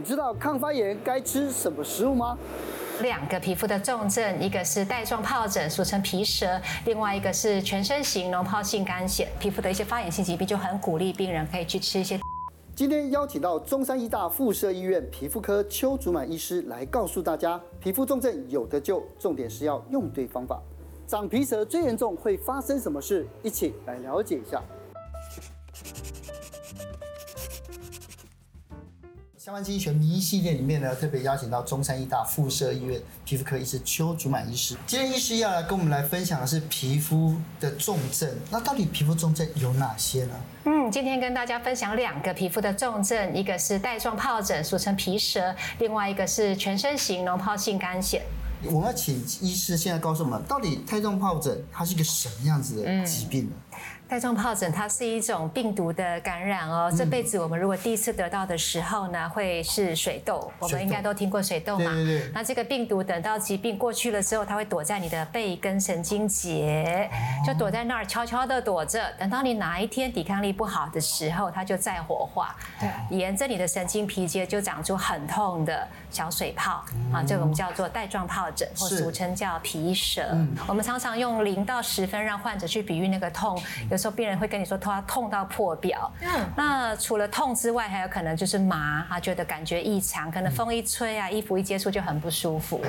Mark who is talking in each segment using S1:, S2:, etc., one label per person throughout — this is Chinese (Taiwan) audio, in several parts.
S1: 你知道抗發炎該吃什麼食物嗎？兩個皮膚的重症，一個是帶狀皰疹，俗稱皮蛇，另外一個是全身型膿皰性乾癬。皮膚的一些發炎性疾病，就很鼓勵病人可以去吃一些。
S2: 今天邀請到中山醫大附設醫院皮膚科邱足滿醫師來告訴大家，皮膚重症有得救，重點是要用對方法。長皮蛇最嚴重會發生什麼事？一起來了解一下。台灣第一選名醫系列裡面呢，特別邀請到中山醫大附設醫院皮膚科醫師邱足滿醫師。今天醫師要來跟我們來分享的是皮膚的重症，那到底皮膚重症有哪些呢？
S1: 嗯，今天跟大家分享兩個皮膚的重症，一個是帶狀疱疹，俗稱皮蛇，另外一個是全身型膿疱性乾癬。
S2: 我們要請醫師現在告訴我們，到底帶狀疱疹它是一個什麼樣子的疾病呢？嗯
S1: 帶狀皰疹它是一種病毒的感染哦。嗯、這輩子我們如果第一次得到的時候呢，會是水痘。水痘我們應該都聽過水痘嘛？對對對，那這個病毒等到疾病過去了之後，它會躲在你的背根神經節，哦、就躲在那兒悄悄地躲着。等到你哪一天抵抗力不好的時候，它就再活化，對沿着你的神經皮節就長出很痛的小水泡，嗯、啊，這個我們叫做帶狀皰疹，或俗稱叫皮蛇。嗯、我們常常用零到十分讓患者去比喻那個痛。嗯說病人會跟你說他痛到破表，嗯、那除了痛之外，還有可能就是麻，他、啊、覺得感覺異常，可能風一吹啊，嗯、衣服一接觸就很不舒服。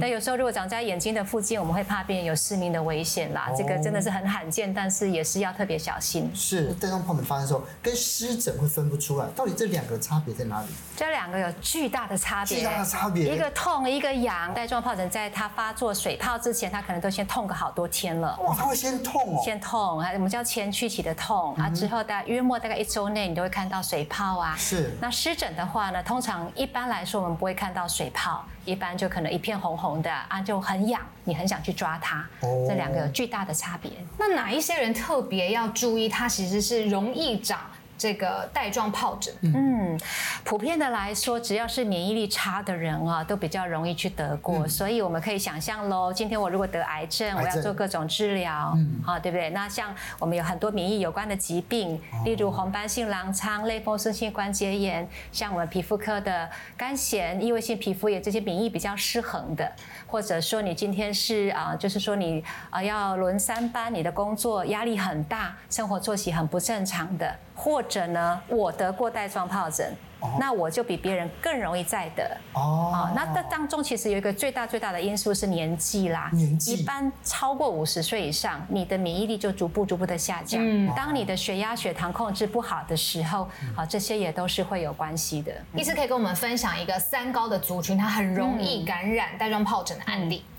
S1: 那、嗯、有時候如果長在眼睛的附近，我們會怕病人有失明的危險啦。哦、這個真的是很罕見，但是也是要特別小
S2: 心。是帶狀疱疹發生的時候跟濕疹會分不出來，到底這兩個差別在哪裡？這
S1: 兩個有巨大的差別。巨大的差別，一個痛一個癢。帶狀疱疹在它發作水泡之前，它可能都先痛個好多天了。哇，它會先痛哦。先痛，我們叫。前驅期的痛、嗯、哼啊，之後大約莫大概一週內，你都會看到水泡啊。是。那濕疹的話呢，通常一般來說我們不會看到水泡，一般就可能一片紅紅的啊，就很癢，
S3: 你很想去抓它。哦、這兩個有巨大的差別。那哪一些人特別要注意？它其實是容易長。這個帶狀疱疹，嗯，嗯，普遍的來
S1: 說，只要是免疫力差的人啊，都比較容易去得過。嗯、所以我們可以想象嘍，今天我如果得癌症，癌症我要做各種治療，嗯，好、啊，對不對？那像我們有很多免疫有關的疾病，哦、例如紅斑性狼瘡、類風濕性關節炎，像我們皮膚科的乾癬、異位性皮膚炎，這些免疫比較失衡的，或者說你今天是啊，就是說你啊要輪三班，你的工作壓力很大，生活作息很不正常的。嗯或者呢，我得過帶狀疱疹，oh. 那我就比別人更容易再得。Oh. 哦，那這當中其實有一個最大最大的因素是年紀啦，年紀一般超過五十歲以上，你的免疫力就逐步逐步的下降。嗯，當你的血壓、血糖控制不好的時候，啊、oh. 哦，這些也都是會有關係的。醫師、嗯、可以
S3: 跟我們分享一個三高的族群，它很容
S1: 易感染帶狀疱疹的案例？嗯嗯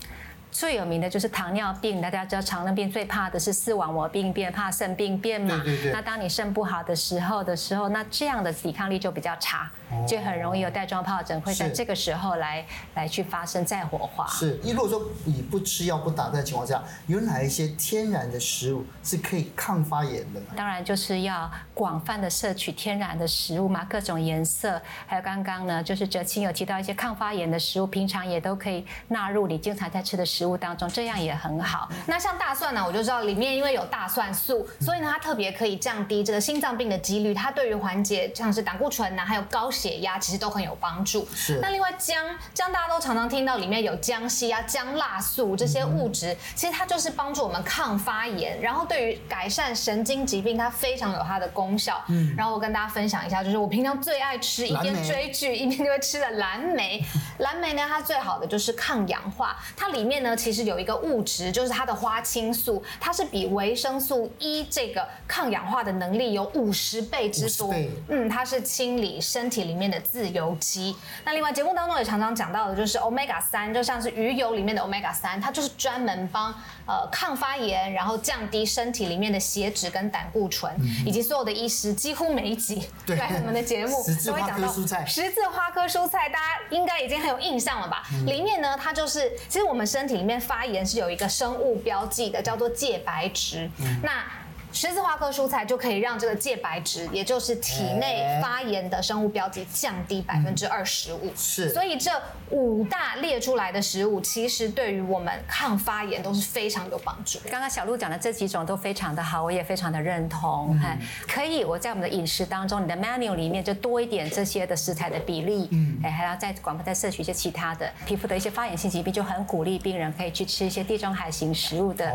S1: 最有名的就是糖尿病，大家知道糖尿病最怕的是視網膜病變，怕腎病變嘛。對對對，那當你腎不好的時候的時候，那這樣的抵抗力就比較差。就很容易有帶狀皰疹會在這個時候來來去發生再火化。是，
S2: 如果說你不吃藥不打針的情況下，有哪一些天然的食物是可以抗發炎的呢？
S1: 當然就是要廣泛地攝取天然的食物嘛，各種顏色，還有剛剛呢，就是哲青有提到一些抗發炎的食物，平常也都可以納入你經常在吃的食物當中，這樣也很好。
S3: 那像大蒜呢、啊，我就知道裡面因為有大蒜素，嗯、所以呢它特別可以降低這個心臟病的幾率，它對於緩解像是膽固醇吶、啊，還有高。解壓其實都很有幫助。是。那另外薑薑大家都常常聽到，裡面有薑烯啊薑辣素這些物質，嗯、其實它就是幫助我們抗發炎，然後對於改善神經疾病它非常有它的功效。嗯。然後我跟大家分享一下，就是我平常最愛吃一邊追劇莓一邊就會吃的藍莓。藍莓呢，它最好的就是抗氧化。它裡面呢其實有一個物質，就是它的花青素，它是比維生素 E 這個抗氧化的能力有五十倍之多。倍嗯，它是清理身體。裡面的自由基。那另外節目當中也常常講到的就是 omega 三，就像是魚油裡面的 omega 三，它就是專門幫呃抗發炎，然後降低身體裡面的血脂跟膽固醇，嗯、哼以及所有的醫師幾乎每一集對我們的節目，都會講到十字花科蔬菜，十字花科蔬菜、科蔬菜大家應該已經很有印象了吧？嗯、哼裡面呢它就是，其實我們身體裡面發炎是有一個生物標記的，叫做介白質。嗯、哼那十字花科蔬菜就可以讓這個介白質，也就是體內發炎的生物標記降低百分之二十五。是，所以這五大列出來的食物，其實對於我們
S1: 抗發炎都是非常有幫助的。剛剛小鹿講的這幾種都非常的好，我也非常的認同。嗯嗯、可以我在我們的飲食當中，你的 menu 裡面就多一點這些的食材的比例。嗯，還要再廣泛再攝取一些其他的。皮膚的一些發炎性疾病就很鼓勵病人可以去吃一些地中海型食物的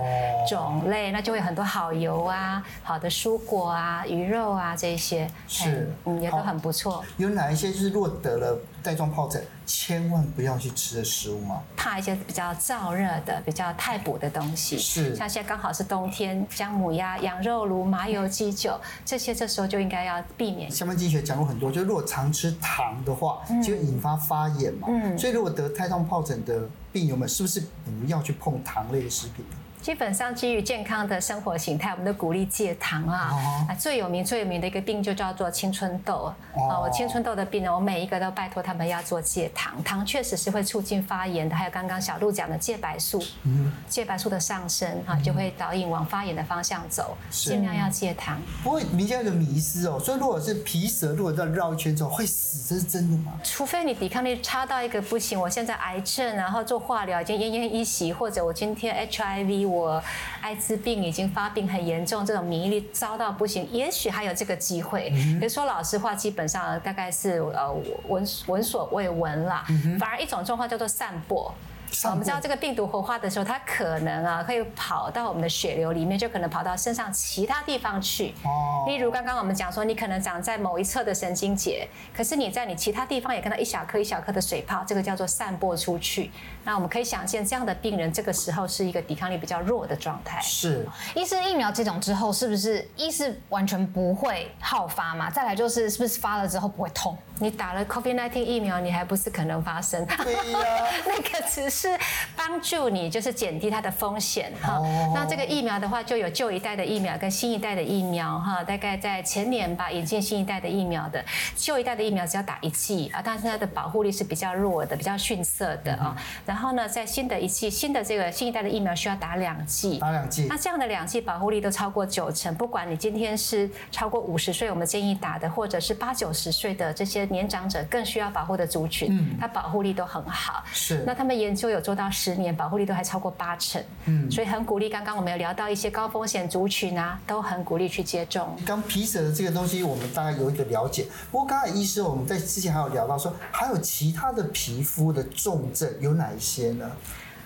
S1: 種類，哦、那就會有很多好油啊。啊，好的蔬果啊，魚肉啊，這些是，嗯，也都很不錯。
S2: 有哪一些就是若得了帶狀疱疹，千萬不要去吃的食物嗎？
S1: 怕一些比較燥熱的、比較太補的東西。是，像現在剛好是冬天，薑母鴨、羊肉爐、麻油雞酒，嗯、這些這時候就應該要避免。
S2: 相關醫學講過很多，就如果常吃糖的話，嗯、就會引發發炎嘛。嗯，所以如果得帶狀疱疹的病友們，是不是不要去碰糖類的食品？
S1: 基本上基於健康的生活形態，我們都鼓勵戒糖啊。哦、最有名最有名的一個病就叫做青春痘啊、哦哦。我青春痘的病人，我每一個都拜托他們要做戒糖，糖確實是會促進發炎的。還有剛剛小鹿講的戒白素。嗯，戒白素的上升啊，嗯、就會導引往發炎的方向走，儘是量要戒糖。
S2: 不過你現在有迷思哦，所以如果是皮蛇，如果在繞一圈走，會死，這是真的嗎？
S1: 除非你抵抗力差到一個不行，我現在癌症，然後做化療已經奄奄一息，或者我今天 HIV。我艾滋病已經發病很嚴重，這種免疫力糟到不行，也許還有這個機會。別、嗯、哼說老實話，基本上大概是呃聞聞所未聞啦。嗯、哼反而一種狀況叫做散播。散我們知道這個病毒活化的時候，它可能啊，可以跑到我們的血流裡面，就可能跑到身上其他地方去。哦。例如剛剛我們講說，你可能長在某一側的神經節，可是你在你其他地方也看到一小顆一小顆的水泡，這個叫做散播出去。那我們可以想象，這樣的病人這個
S3: 時候是一個抵抗力比較弱的狀態。是。醫生疫苗接種之後是不是醫師完全不會好發嗎？再來就是是不是發了之後不會痛？你打了 COVID-19
S1: 疫苗，你還不是可能發生？對呀、啊， 那個只是幫助你，就是減低它的風險哈。Oh. 那這個疫苗的話，就有舊一代的疫苗跟新一代的疫苗哈。大概在前年吧，引進新一代的疫苗的。舊一代的疫苗只要打一劑啊，但是它的保護力是比較弱的，比較遜色的啊。Mm hmm. 然後呢，在新的一劑，新的這個新一代的疫苗需要打兩劑，打兩劑。那這樣的兩劑保護力都超過九成，不管你今天是超過五十歲，我們建議打的，或者是八九十歲的這些。年長者更需要保護的族群，嗯、它保護力都很好。是，那他們研究有做到十年，保護力都還超過八成。嗯，所以很鼓勵。剛剛我們有聊到一些高風險族群啊，都很鼓勵去接
S2: 種。剛皮蛇的這個東西，我們大概有一個了解。不過，剛才醫師我們在之前還有聊到說，還有其他的皮膚的重症有哪一些呢？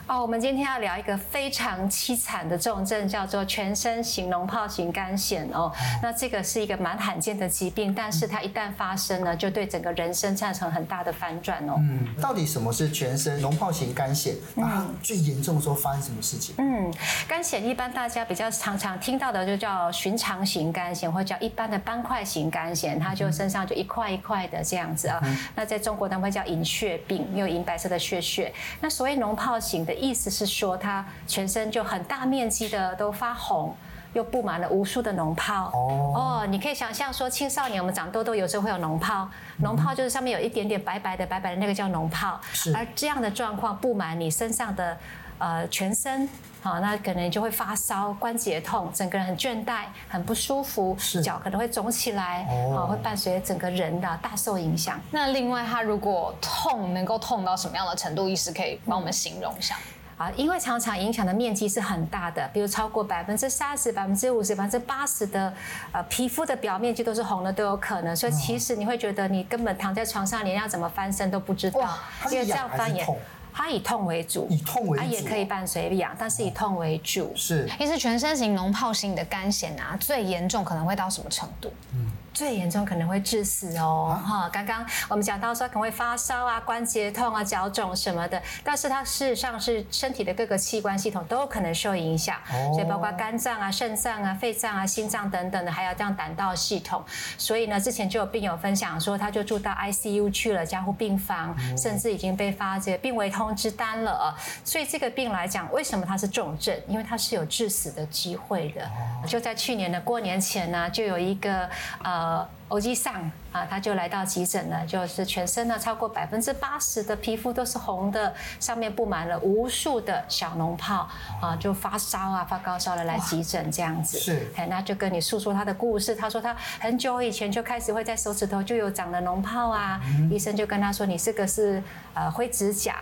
S1: 哦，oh, 我們今天要聊一個非常淒慘的重症，叫做全身型膿疱型乾癬哦。Oh, 嗯、那這個是一個蠻罕見的疾病，但是它一旦發生呢，就對整個人生造成很大的反轉哦。嗯，
S2: 到底什麼是全身膿疱型乾癬？它、嗯啊、最嚴重的時候
S1: 發生什麼事情？嗯，乾癬一般大家比較常常聽到的就叫尋常型乾癬，或叫一般的斑塊型乾癬，它就身上就一塊一塊的這樣子啊。嗯、那在中國呢，會叫銀屑病，因為銀白色的屑屑。那所謂膿疱型的。意思是說，他全身就很大面積的都發紅，又布滿了無數的膿泡。哦，oh. oh, 你可以想象說，青少年我們長痘痘有時候會有膿泡，膿泡就是上面有一點點白白的、白白的那個叫膿泡。是、mm，hmm. 而這樣的狀況布滿你身上的呃全身。好，那可能就會發燒、關節痛，整個人很倦怠、很不舒服，是腳可能會腫起來，哦，oh. 會伴隨整個人的、啊、大受影響。那另外，它如果痛能夠痛到什麼樣的程度，醫師可以幫我們形容一下？啊、嗯，因為常常影響的面積是很大的，比如超過百分之三十、百分之五十、百分之八十的呃皮膚的表面積都是紅的都有可能，oh. 所以其實你會覺得你根本躺在床上，你連要怎麼
S3: 翻身都不知道，oh. 哇因為這樣翻也。它以痛為主，以痛為主，它也可以伴隨癢，但是以痛為主。是，一是全身型、膿疱型的乾癬啊，最嚴重可能會到什麼程度？嗯。最嚴重可能會致死哦，啊、哈！剛剛我們講到說可能
S1: 會發燒啊、關節痛啊、腳腫什麼的，但是它事實上是身體的各個器官系統都有可能受影響，哦、所以包括肝臟啊、腎臟啊、肺臟啊、心臟等等的，還有這樣膽道系統。所以呢，之前就有病友分享說，他就住到 ICU 去了，加護病房，嗯、甚至已經被發覺病危通知單了、哦。所以這個病來講，為什麼它是重症？因為它是有致死的機會的。哦、就在去年的過年前呢，就有一個呃。呃，歐吉桑啊，他就來到急診了，就是全身呢超過百分之八十的皮膚都是紅的，上面布滿了無數的小膿泡啊，就發燒啊、發高燒了來急診這樣子。是、嗯，那就跟你述說他的故事。他說他很久以前就開始會在手指頭就有長了膿泡啊，嗯、醫生就跟他說你這個是、呃、灰指甲。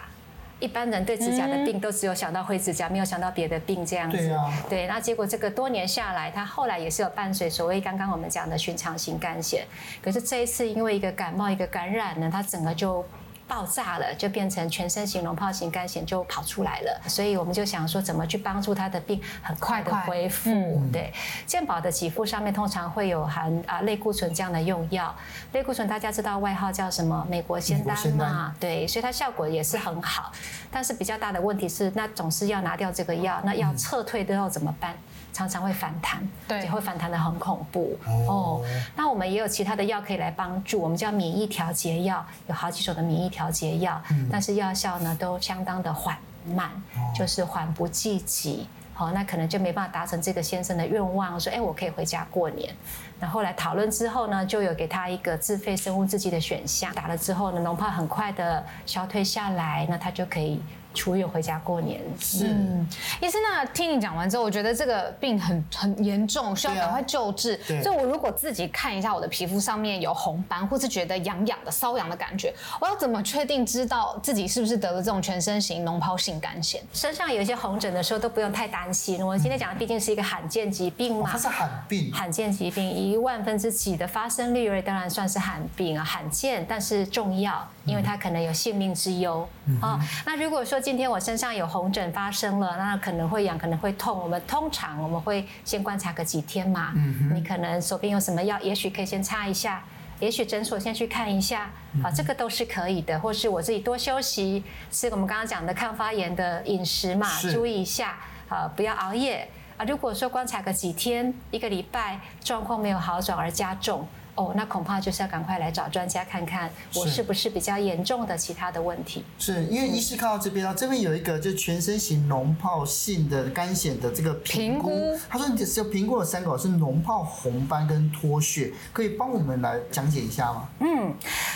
S1: 一般人對指甲的病都只有想到灰指甲，嗯、沒有想到別的病這樣子。對啊，對，那結果這個多年下來，他後來也是有伴隨所謂剛剛我們講的尋常型乾癬。可是這一次因為一個感冒，一個感染呢，他整個就。爆炸了，就變成全身型炮型，膿疱型乾癬就跑出來了，所以我們就想說怎麼去幫助他的病很快的恢復。快快對，健保的給付上面通常會有含啊，呃、類固醇這樣的用藥，類固醇大家知道外號叫什麼？嗯、美國仙丹嘛，丹對，所以它效果也是很好。是但是比較大的問題是，那總是要拿掉這個藥，哦，那要撤退之後怎麼辦？嗯常常會反彈，對，會反彈的很恐怖、oh. 哦。那我們也有其他的藥可以來幫助，我們叫免疫調節藥，有好幾種的免疫調節藥，mm. 但是藥效呢都相當的緩慢，oh. 就是緩不濟急，好、哦，那可能就沒辦法達成這個先生的願望，說哎我可以回家過年。那後來討論之後呢，就有給他一個自費生物制劑的選項，打了之後呢，膿疱
S3: 很快的消退下來，那他就可以。出院回家過年，是
S2: 嗯，
S3: 醫生，那聽你講完之後，我覺得這個病很很嚴重，需要趕快救治。啊、所以我如果自己看一下我的皮膚上面有紅斑，或是覺得癢癢的、瘙癢的感覺，我要怎麼確定知道自己是不是得了這種全身型膿疱性乾癬？身上有一些紅
S1: 疹的時候，都不用太擔心。我今天講的畢竟是一個罕見疾病嘛，哦、它是罕病，罕見疾病一萬分之幾的發生率，當然算是罕病啊，罕見但是重要，因為它可能有性命之憂啊、嗯哼哦。那如果說今天我身上有紅疹發生了，那可能會癢，可能會痛。我們通常我們會先觀察個幾天嘛。嗯、哼你可能手邊有什麼藥，也許可以先擦一下，也許診所先去看一下。嗯、哼啊，這個都是可以的，或是我自己多休息，吃我們剛剛講的抗發炎的飲食嘛，是注意一下啊，不要熬夜啊。如果說觀察個幾天，一個禮拜狀況沒有好轉而加重。哦，oh, 那恐怕就是要趕快來找專家看看，我是不是比較嚴重的其他的問題。是、嗯、因為醫師
S2: 看到這邊啊，這邊有一個就全身型膿疱性的乾癬的這個評估，侯他說你只有評估有三個，是膿疱、紅斑跟脫屑，可以幫我們來講解一下嗎？嗯，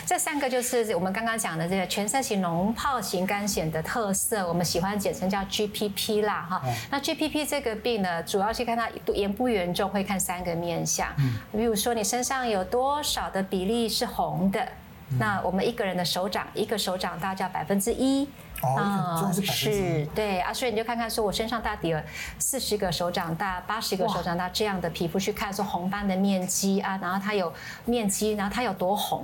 S1: 這三個就是我們剛剛講的這個全身型膿疱型乾癬的特色，我們喜歡簡稱叫 GPP 啦，哈、哦。那 GPP 這個病呢，主要是看它嚴不嚴重，會看三個面向，嗯，比如說你身上有。多少的比例是紅的？嗯、那我們一個人的手掌，一個手掌大概百分之一啊，是，是，對啊，所以你就看看，說我身上到底有四十個手掌大、八十個手掌大這樣的皮膚，哇去看說紅斑的面積啊，然後它有面積，然後它有多紅，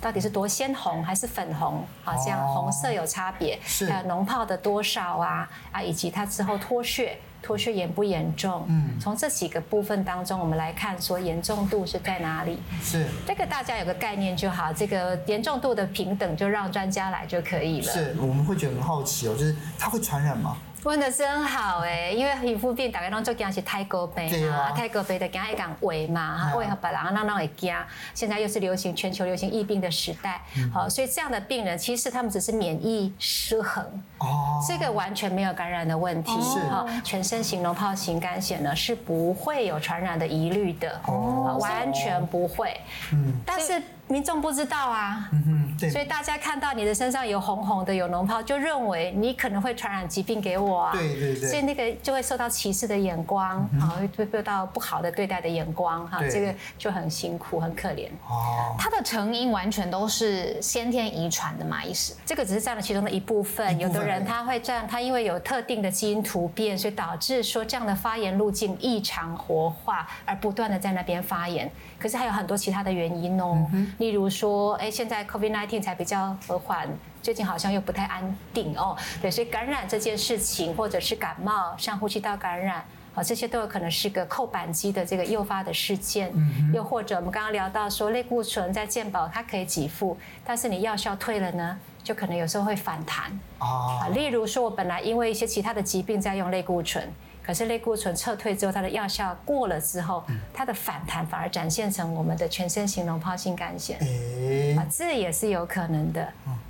S1: 到底是多鮮紅還是粉紅，好像紅色有差別，哦、還有膿泡的多少啊啊，以及它之後脫屑。脫屑嚴不嚴重？嗯，從這幾個部分當中，我們來看說嚴重度是在哪裡。是這個大家有個概念就好，這個嚴重度的平等就讓專家來就可以了。是，
S2: 我們會覺得很好奇哦，就是它會傳染嗎？
S1: 問得真好哎，因為皮膚病大概都做見是泰國杯啊，啊，泰國病的見一講偽嘛，為何別人啊那麼，麼會驚？現在又是流行全球流行疫病的時代，好、嗯哦，所以這樣的病人其實他們只是免疫失衡，哦，這個完全沒有感染的問題，哦，哦，全身型膿疱性乾癬呢是不會有傳染的疑慮的，哦，哦，完全不會，
S2: 嗯，
S1: 但是。民眾不知道啊，嗯、哼對所以大家看到你的身上有紅紅的、有膿疱，就認為你可能會傳染疾病給我啊。對對對。對對所以那個就會受到歧視的眼光，然後、嗯、哼受到不好的對待的眼光，哈、嗯哼，這個就很辛苦、很可憐。哦對。它的成因完全都是先天遺傳
S3: 的嘛，醫師。
S1: 這個只是占了其中的一部分。部分有的人他會這樣，他因為有特定的基因突變，所以導致說這樣的發炎路徑異常活化，而不斷的在那邊發炎。可是還有很多其他的原因哦。嗯例如說，哎，現在 COVID nineteen 才比較和緩，最近好像又不太安定哦。對，所以感染這件事情，或者是感冒、上呼吸道感染，啊、哦，這些都有可能是一個扣板機的這個誘發的事件。嗯、哼又或者我們剛剛聊到說，類固醇在健保它可以給付，但是你藥效退了呢，就可能有時候會反彈。哦、啊，例如說我本來因為一些其他的疾病在用類固醇。可是類固醇撤退之後，它的藥效過了之後，它的反彈反而展現成我們的全身型膿疱性乾癬啊，欸、這也是有可能的。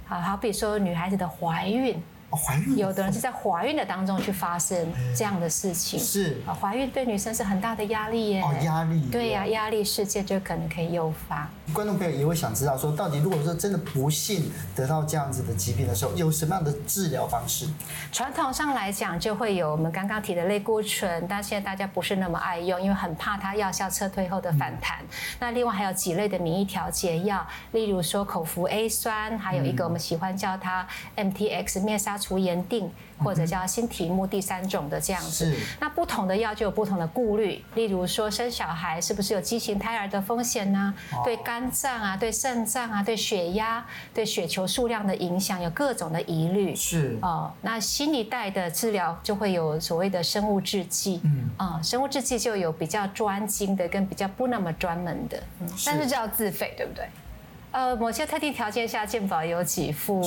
S1: 啊、哦，好比說女孩子的懷孕。懷、哦、孕，有的人是在懷孕的當中去發生這樣的事情。欸、是，懷、哦、孕對女生是很大的壓力耶。哦，壓力。對呀、啊，壓哇力事件就可能可以誘發。
S2: 觀眾朋友也會想知道，說到底，如果說真的不幸得到這樣子的疾病的時候，有什麼樣的治療方式？
S1: 傳統上來講，就會有我們剛剛提的類固醇，但現在大家不是那麼愛用，因為很怕它藥效撤退後的反彈。嗯、那另外還有幾類的免疫調節藥，例如說口服 A 酸，還有一個我們喜歡叫它 MTX 滅殺。除炎定或者叫新題目第三種的這樣子，Mm-hmm. 那不同的藥就有不同的顧慮。例如說生小孩是不是有畸形胎兒的風險呢、啊？Oh. 對肝臟啊、對腎臟啊、對血壓、對血球數量的影響，有各種的疑慮。是啊、呃，那新一代的治療就會有所謂的生物制劑。嗯啊、Mm-hmm. 呃，生物制劑就有比較專精的，跟比較不那麼專門的。嗯，是但是叫要自費，對不對？呃，某些特定條件下健保有給付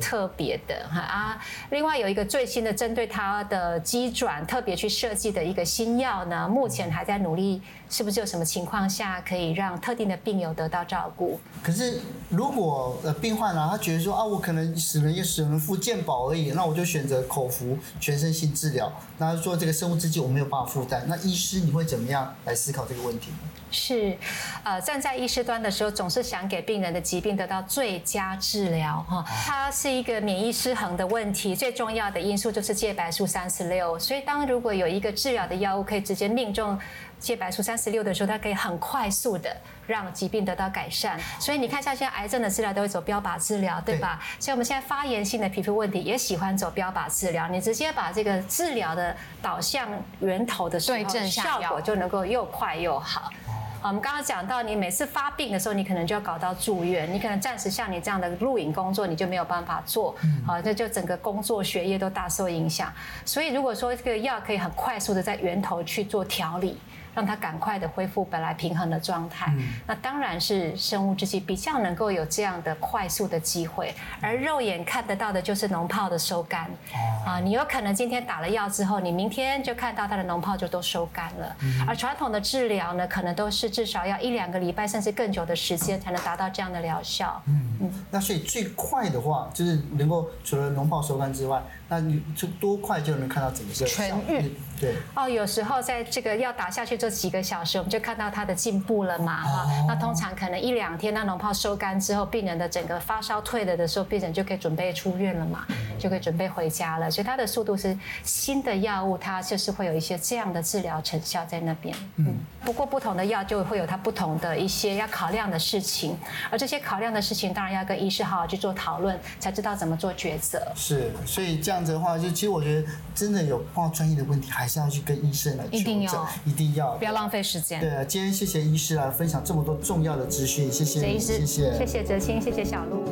S1: 特別的哈是啊，另外有一個最新的針對它的機轉特別去設計的一個新藥呢，目前還在努力，是不是有什麼情況下可以讓特定的病友得到照顧？
S2: 可是如果呃病患呢、啊，他覺得說啊，我可能死了也死，能付健保而已，那我就選擇口服全身性治療，那後說這個生物製劑我沒有辦法負擔，那醫師你會怎麼樣來思考這個問題？
S1: 是，呃，站在醫師端的時候，總是想給病人的疾病得到最佳治療哈、哦。它是一個免疫失衡的問題，最重要的因素就是介白素三十六。所以，當如果有一個治療的藥物可以直接命中介白素三十六的時候，它可以很快速地讓疾病得到改善。所以，你看，像現在癌症的治療都會走標靶治療，對吧？對，所以，我們現在發炎性的皮膚問題也喜歡走標靶治療。你直接把這個治療的導向源頭的時候，對症效果就能夠又快又好。啊、我們剛剛講到，你每次發病的時候，你可能就要搞到住院，你可能暫時像你這樣的錄影工作，你就沒有辦法做，好、嗯，這、啊、就、就整個工作學業都大受影響。所以，如果說這個藥可以很快速的在源頭去做調理。讓它趕快的恢復本來平衡的狀態，嗯、那當然是生物製劑比較能夠有這樣的快速的機會，而肉眼看得到的就是膿泡的收乾。啊，啊，你有可能今天打了藥之後，你明天就看到它的膿泡就都收乾了。嗯、而傳統的治療呢，可能都是至少要一兩個禮拜，甚至更久的時間才能達到這樣的療效。嗯
S2: 嗯，嗯那所以最快的話，就是能夠除了膿泡收乾之外，那你就多快就能看到怎麼治癒？
S1: 對。哦，有時候在這個藥打下去。這幾個小時，我們就看到他的進步了嘛哈。哦、那通常可能一兩天，那膿疱收乾之後，病人的整個發燒退了的時候，病人就可以準備出院了嘛，嗯、就可以準備回家了。所以他的速度是新的藥物，它就是會有一些這樣的治療成效在那邊。嗯，不過不同的藥就會有它不同的一些要考量的事情，而這些考量的事情當然要跟醫師好好去做討論，才知道怎麼做抉擇。
S2: 是，所以這樣子的話，就其實我覺得真的有碰到專業的問題，還是要去跟醫生來求證，一定要。一定要。不要
S1: 浪費時間。對，今
S2: 天謝謝醫師啊，分享這麼多重要的資訊，謝謝醫師，謝謝，謝謝
S1: 哲青，謝謝小鹿。